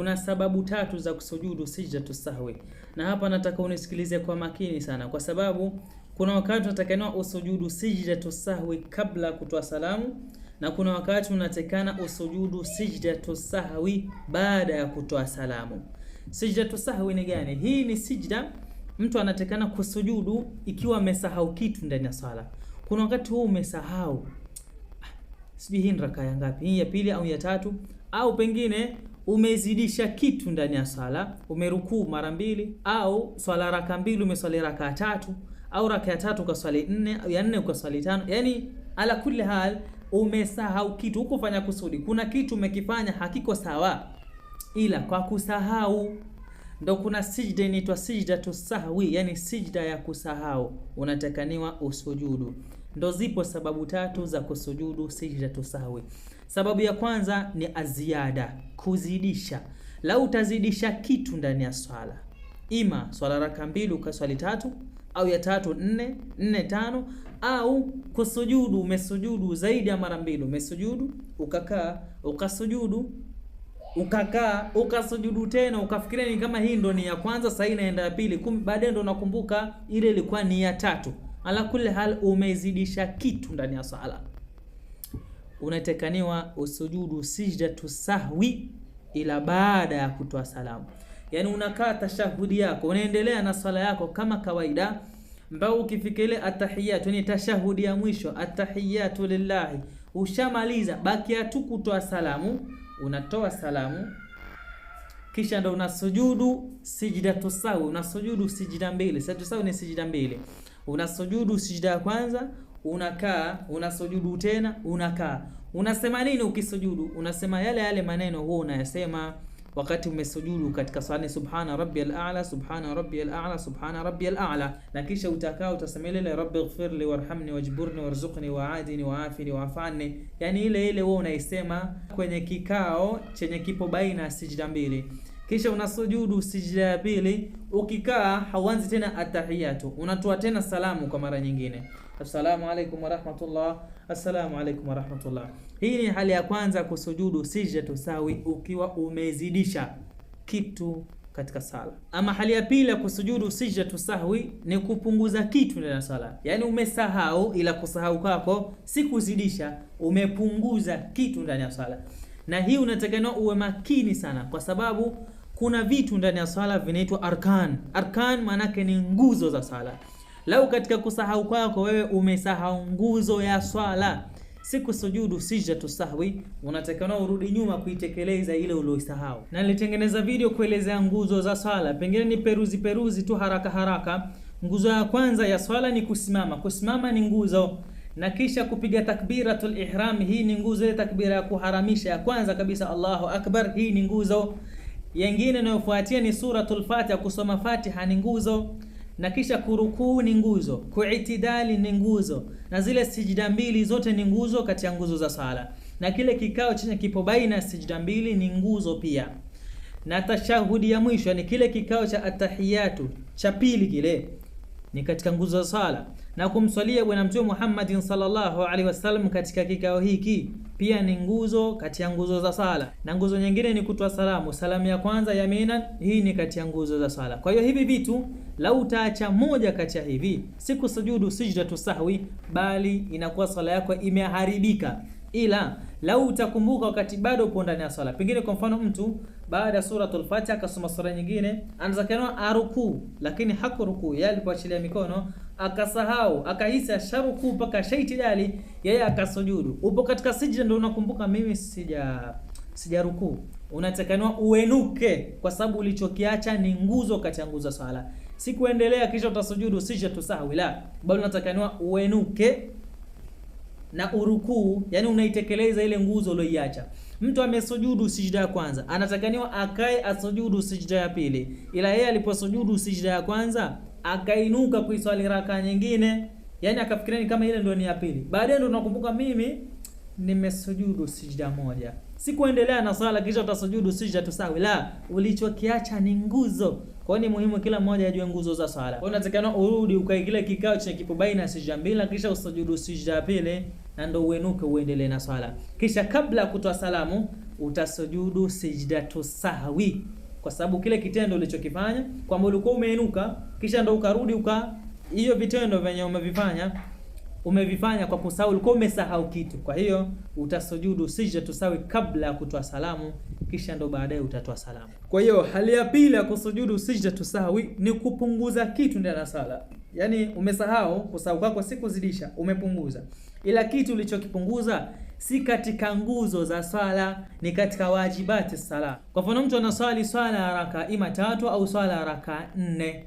kuna sababu tatu za kusujudu sijda sahwi, na hapa nataka unisikilize kwa makini sana, kwa sababu kuna wakati unatakiwa usujudu sijda sahwi kabla kutoa salamu na kuna wakati unatakana usujudu sijda tusahwi baada ya kutoa salamu. Sijda tusahwi ni gani? Hii ni sijda mtu anatakana kusujudu ikiwa amesahau kitu ndani ya swala. Kuna wakati huu umesahau, sijui hii ni raka ya ngapi, hii ya pili au ya tatu, au pengine umezidisha kitu ndani ya sala, umerukuu mara mbili, au swala raka mbili umeswali raka tatu, au raka ya tatu ukaswali nne, au ya nne ukaswali tano, yani ala kulli hal umesahau kitu, hukufanya kusudi. Kuna kitu umekifanya hakiko sawa, ila kwa kusahau ndo kuna sijda inaitwa sijda tu sahwi, yani sijda ya kusahau, unatakaniwa usujudu. Ndo zipo sababu tatu za kusujudu sijda tu sahwi. Sababu ya kwanza ni aziada, kuzidisha. Lau utazidisha kitu ndani ya swala, ima swala raka mbili ukaswali tatu, au ya tatu nne, nne tano, au kusujudu, umesujudu zaidi ya mara mbili, umesujudu ukakaa, ukasujudu ukakaa ukasujudu tena, ukafikiria ni kama hii ndo ni ya kwanza, sasa inaenda ya pili, kumbe baadaye ndo nakumbuka ile ilikuwa ni ya tatu. Ala kulli hal, umezidisha kitu ndani ya swala unatakaniwa usujudu sijdatu sahwi ila baada ya kutoa salamu. Yani unakaa tashahudi yako unaendelea na sala yako kama kawaida, mbao ukifikile atahiyatu ni tashahudi ya mwisho, atahiyatu lillahi, ushamaliza baki tu kutoa salamu. Unatoa salamu kisha ndo unasujudu sijdatu sahwi, unasujudu sijida mbili. Sijida sahwi ni sijida mbili, unasujudu sijida ya kwanza unakaa unasujudu tena unakaa unasema nini? Ukisujudu unasema yale yale maneno huo unayasema wakati umesujudu katika swala, subhana rabbiyal a'la, subhana rabbiyal a'la, subhana rabbiyal a'la. Na kisha utakaa utasema ile ile rabbighfirli warhamni wajburni warzuqni waadini waafini waafani, yani ile ile wewe unaisema kwenye kikao chenye kipo baina sijda mbili kisha unasujudu sijda ya pili. Ukikaa hauanzi tena atahiyatu, unatoa tena salamu kwa mara nyingine, assalamu alaykum wa rahmatullah, assalamu alaykum wa rahmatullah. Hii ni hali ya kwanza kusujudu sijda tusawi, ukiwa umezidisha kitu katika sala. Ama hali ya pili ya kusujudu sijda sahwi ni kupunguza kitu ndani ya sala, yaani umesahau, ila kusahau kwako si kuzidisha, umepunguza kitu ndani ya sala, na hii unatakiwa uwe makini sana, kwa sababu kuna vitu ndani ya sala vinaitwa arkan. Arkan maanake ni nguzo za sala. Lau katika kusahau kwako wewe umesahau nguzo ya swala, siku sujudu sija tusahwi, unatakiwa urudi nyuma kuitekeleza ile uliosahau Na nilitengeneza video kuelezea nguzo za swala, pengine ni peruzi peruzi tu haraka haraka. Nguzo ya kwanza ya swala ni kusimama. Kusimama ni nguzo, na kisha kupiga takbiratul ihram, hii ni nguzo. Ile takbira ya kuharamisha ya kwanza kabisa, Allahu akbar, hii ni nguzo Yengine inayofuatia ni suratul Fatiha. Kusoma Fatiha ni nguzo, na kisha kurukuu ni nguzo, kuitidali ni nguzo, na zile sijida mbili zote ni nguzo kati ya nguzo za sala, na kile kikao chenye kipo baina ya sijida mbili ni nguzo pia, na tashahudi ya mwisho ni kile kikao cha atahiyatu cha pili kile ni katika nguzo za sala na kumswalia Bwana Mtume Muhammadin sallallahu alaihi wasallam katika kikao hiki pia ni nguzo kati ya nguzo za sala, na nguzo nyingine ni kutoa salamu. Salamu ya kwanza ya Mina, hii ni kati ya nguzo za sala. Kwa hiyo hivi vitu lau utaacha moja kati ya hivi, siku sujudu sijda tusahwi, bali inakuwa sala yako imeharibika ila lau utakumbuka wakati bado upo ndani ya swala. Pengine kwa mfano mtu baada ya suratul Fatiha akasoma sura nyingine, anatakiwa aruku, lakini hakuruku Yeye alipoachilia mikono akasahau, akahisi asharukuu mpaka dali, yeye akasujudu. Upo katika sijda, ndio unakumbuka mimi sija sijarukuu. Unatakiwa uenuke, kwa sababu ulichokiacha ni nguzo kati ya nguzo swala, si kuendelea kisha utasujudu, sija tusahau, la bali unatakiwa uenuke na urukuu, yani unaitekeleza ile nguzo uliyoiacha. Mtu amesujudu sijda ya kwanza, anatakaniwa akae asujudu sijda ya pili, ila yeye aliposujudu sijda ya kwanza akainuka kuiswali raka nyingine, yani akafikiria ni kama ile ndio ni ya pili. Baadaye ndio tunakumbuka mimi nimesujudu sijda moja, si kuendelea na sala kisha utasujudu sijda tusawi. La, ulichokiacha ni nguzo. Kwa ni muhimu kila mmoja ajue nguzo za sala. Kwa hiyo unatakana urudi ukae kile kikao chenye kipo baina ya sijda mbili, kisha usujudu sijda ya pili na ndo uenuke uendelee na swala. Kisha kabla ya kutoa salamu utasujudu sijdatu sahwi, kwa sababu kile kitendo ulichokifanya kwamba ulikuwa umeinuka kisha ndo ukarudi uka, hiyo vitendo vyenye umevifanya umevifanya kwa kusahau, ulikuwa umesahau kitu. Kwa hiyo utasujudu sijdatu tusawi kabla ya kutoa salamu, kisha ndo baadaye utatoa salamu. Kwa hiyo hali ya pili ya kusujudu sijdatu tusawi ni kupunguza kitu ndani ya sala, yaani umesahau, kusahau kwako si kuzidisha, umepunguza ila kitu ulichokipunguza si katika nguzo za swala, ni katika wajibati sala. Kwa mfano, mtu anaswali swala ya raka ima tatu au swala ya raka nne.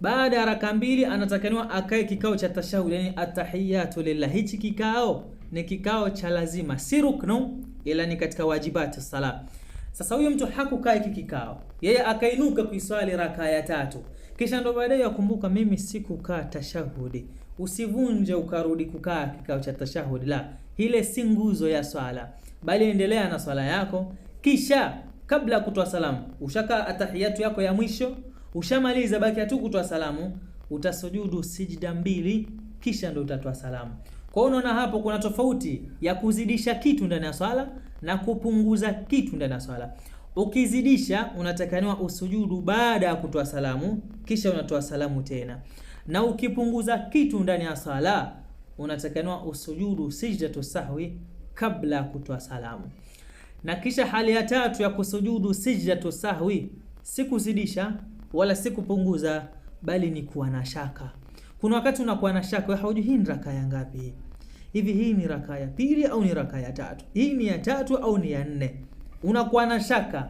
Baada ya raka mbili anatakaniwa akae kikao cha tashahud, yani atahiyatu lillah. Hichi kikao ni kikao cha lazima, si ruknu, ila ni katika wajibati sala. Sasa huyu mtu hakukaa hiki kikao, yeye akainuka kuiswali raka ya tatu, kisha ndo baadaye akumbuka, mimi sikukaa tashahudi Usivunje ukarudi kukaa kikao cha tashahud, la ile si nguzo ya swala, bali endelea na swala yako. Kisha kabla ya kutoa salamu, ushaka atahiyatu yako ya mwisho ushamaliza, baki tu kutoa salamu, utasujudu sijda mbili, kisha ndio utatoa salamu. Kwa hiyo unaona hapo kuna tofauti ya kuzidisha kitu ndani ya swala na kupunguza kitu ndani ya swala. Ukizidisha unatakaniwa usujudu baada ya kutoa salamu, kisha unatoa salamu tena. Na ukipunguza kitu ndani ya sala, unatakiwa usujudu tu sahwi kabla ya kutoa salamu. Na kisha hali ya tatu ya kusujudu tu sahwi si kuzidisha wala si kupunguza, bali ni kuwa na shaka. Kuna wakati unakuwa na shaka, wewe haujui hii ni rakaa ya ngapi hivi, hii ni rakaa ya pili au ni rakaa ya tatu, hii ni ya tatu au ni ya nne, unakuwa na shaka.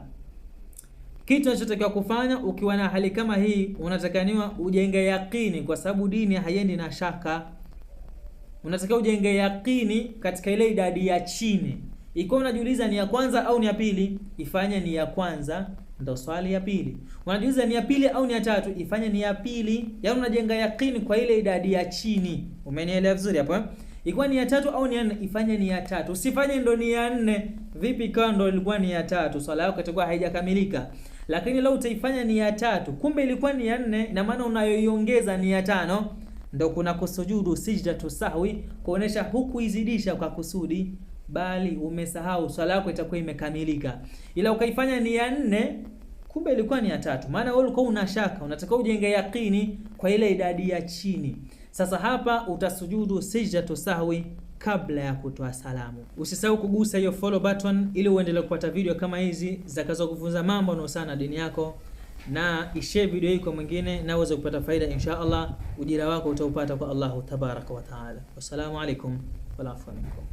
Kitu unachotakiwa kufanya ukiwa na hali kama hii, unatakaniwa ujenge yaqini, kwa sababu dini haiendi na shaka. Unatakiwa ujenge yaqini katika ile idadi ya chini. Ikiwa unajiuliza ni ya kwanza au ni ya pili, ifanye ni ya kwanza, ndo swali ya pili. Unajiuliza ni ya pili au ni ya tatu, ifanye ni ya pili. Yaani unajenga yaqini kwa ile idadi ya chini. Umenielewa vizuri hapo? Ikiwa ni ya tatu au ni ya nne, ifanye ni ya tatu. Usifanye ndo ni ya nne. Vipi ikawa ndo ilikuwa ni ya tatu? Swala yako itakuwa haijakamilika lakini leo utaifanya ni ya tatu, kumbe ilikuwa ni ya nne, na maana unayoiongeza ni ya tano. Ndo kuna kusujudu sijdatu sahwi, kuonesha hukuizidisha kwa kusudi, bali umesahau, swala yako itakuwa imekamilika, ila ukaifanya ni ya nne kumbe ilikuwa ni ya tatu. Maana wewe ulikuwa una shaka, unataka ujenge yakini kwa ile idadi ya chini. Sasa hapa utasujudu sijdatu sahwi kabla ya kutoa salamu. Usisahau kugusa hiyo follow button ili uendelee kupata video kama hizi zakazo kufunza mambo yanayohusiana na dini yako, na ishare video hii kwa mwingine na uweze kupata faida insha Allah. Ujira wako utaupata kwa Allahu tabaraka wa taala. Wassalamu alaikum wala afwa